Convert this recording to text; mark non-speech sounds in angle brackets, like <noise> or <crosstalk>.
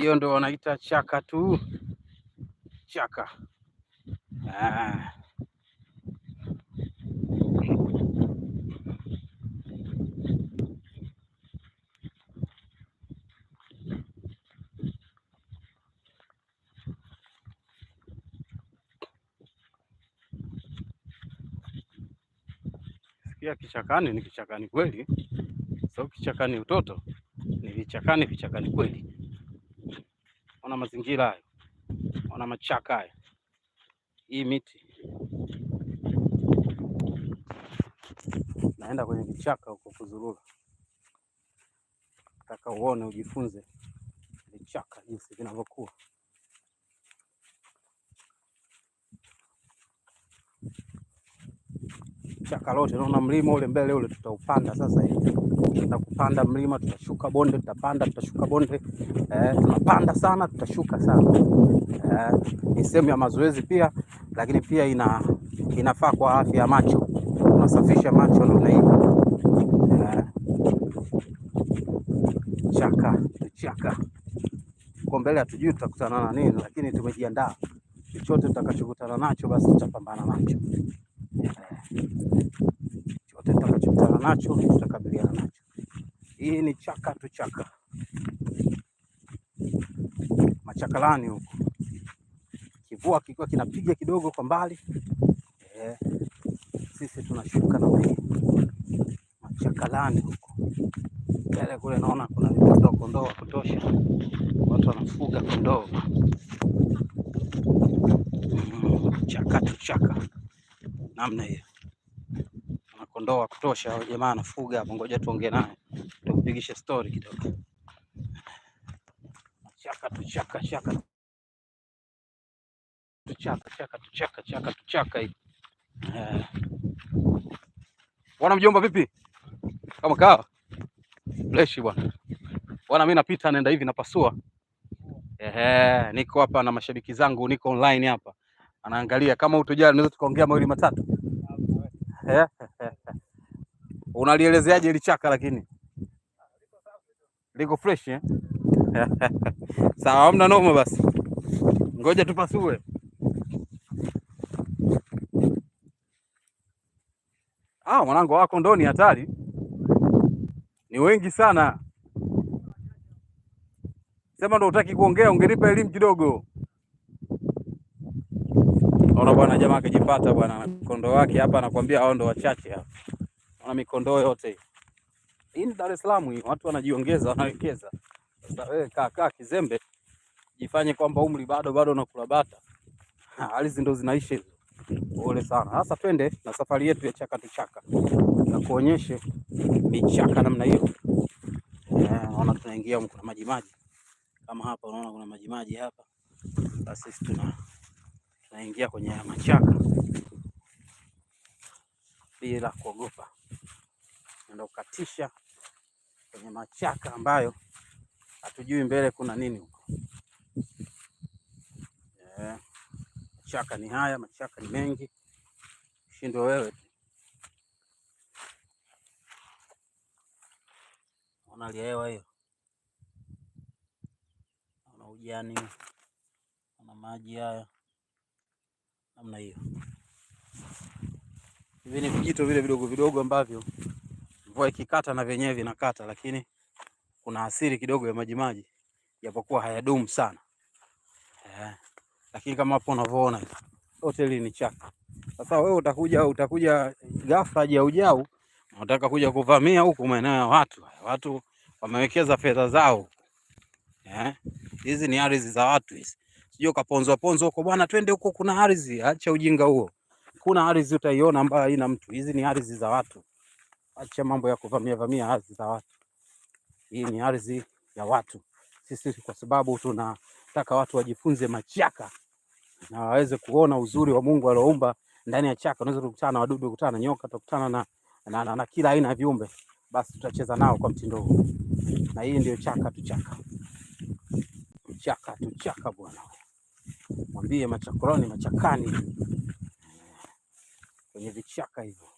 hiyo ndo wanaita chaka tu chaka. Ah. Sikia kichakani ni kichakani kweli, sababu kichakani utoto ni vichakani, vichakani kweli. Ona mazingira hayo, ona machaka hayo, hii miti naenda kwenye vichaka huko kuzurura, nataka uone ujifunze vichaka jinsi vinavyokuwa. kisha karoti. Naona mlima ule mbele ule tutaupanda sasa hivi, tutaenda kupanda mlima, tutashuka bonde, tutapanda, tutashuka bonde eh, tunapanda sana, tutashuka sana eh, ni sehemu ya mazoezi pia, lakini pia ina inafaa kwa afya ya macho, unasafisha macho namna hiyo eh, chaka chaka kwa mbele hatujui tutakutana na nini, lakini tumejiandaa. Chochote tutakachokutana nacho basi tutapambana nacho chote tutakachokutana nacho tutakabiliana nacho. Hii ni chaka tu chaka, machakalani huko, kivua kikiwa kinapiga kidogo kwa mbali eh, sisi tunashuka na mei machakalani huko mbele kule, naona kuna kondoo kondoo wa kutosha, watu wanafuga kondoo mm, chaka tu chaka namna hiyo ndoo wa kutosha. Huyo jamaa anafuga hapo, ngoja tuongee naye, tukupigishe story kidogo. Chaka tu chaka chaka tu chaka chaka tu chaka chaka tu chaka hii eh. bwana. Mjomba vipi? kama kawa Fresh bwana. Bwana mimi napita naenda hivi napasua. Ehe, niko hapa na mashabiki zangu, niko online hapa, anaangalia kama utojali, tunaweza tukaongea mawili matatu. Ehe. Eh. Unalielezeaje hili chaka lakini? Liko fresh eh? <laughs> Sawa, hamna noma basi. Ngoja tupasue. Ah, mwanangu wako ndo ni hatari. Ni wengi sana. Sema ndo utaki kuongea, ungenipa elimu kidogo. Ona bwana, jamaa akijipata bwana, mkondo wake hapa anakuambia hao ndo wachache hapa na mikondoo yote hii. Ni Dar es Salaam hii, watu wanajiongeza, wanawekeza. Sasa wewe kaa kaa kizembe, jifanye kwamba umri bado bado unakula bata. <laughs> hali zindo zinaisha hizo. Pole sana. Sasa twende na safari yetu ya chaka tu chaka, na kuonyeshe michaka namna hiyo. Eh, naona tunaingia huko, kuna maji maji kama hapa, unaona kuna maji maji hapa. Basi sisi tuna tunaingia kwenye machaka bila kuogopa naenda kukatisha kwenye machaka ambayo hatujui mbele kuna nini huko. Yeah. Machaka ni haya, machaka ni mengi, shindo wewe tu. Ona hewa hiyo, ona ujani, ona maji haya namna hiyo. Hivi ni vijito vile vidogo vidogo ambavyo mvua ikikata na vyenyewe vinakata, lakini kuna asili kidogo ya majimaji, japokuwa hayadumu sana eh, lakini kama hapo unavyoona hoteli ni chaka. Sasa wewe utakuja utakuja ghafla ya ujao, unataka kuja kuvamia huku maeneo ya watu, watu wamewekeza fedha zao eh, hizi ni ardhi za watu hizi, sio kaponzwa ponzo huko bwana, twende huko, kuna ardhi. Acha ujinga huo, kuna ardhi utaiona ambayo haina mtu. Hizi ni ardhi za watu acha mambo ya kuvamia vamia ardhi za watu. Hii ni ardhi ya watu. Sisi kwa sababu tunataka watu wajifunze machaka na waweze kuona uzuri wa Mungu alioumba ndani ya chaka. Unaweza kukutana na wadudu, kukutana na nyoka, tukutana na, na, na, na kila aina ya viumbe, basi tutacheza nao kwa mtindo huu, na hii ndio chaka tu chaka chaka tu chaka. Bwana mwambie machakoroni, machakani, kwenye vichaka hivyo.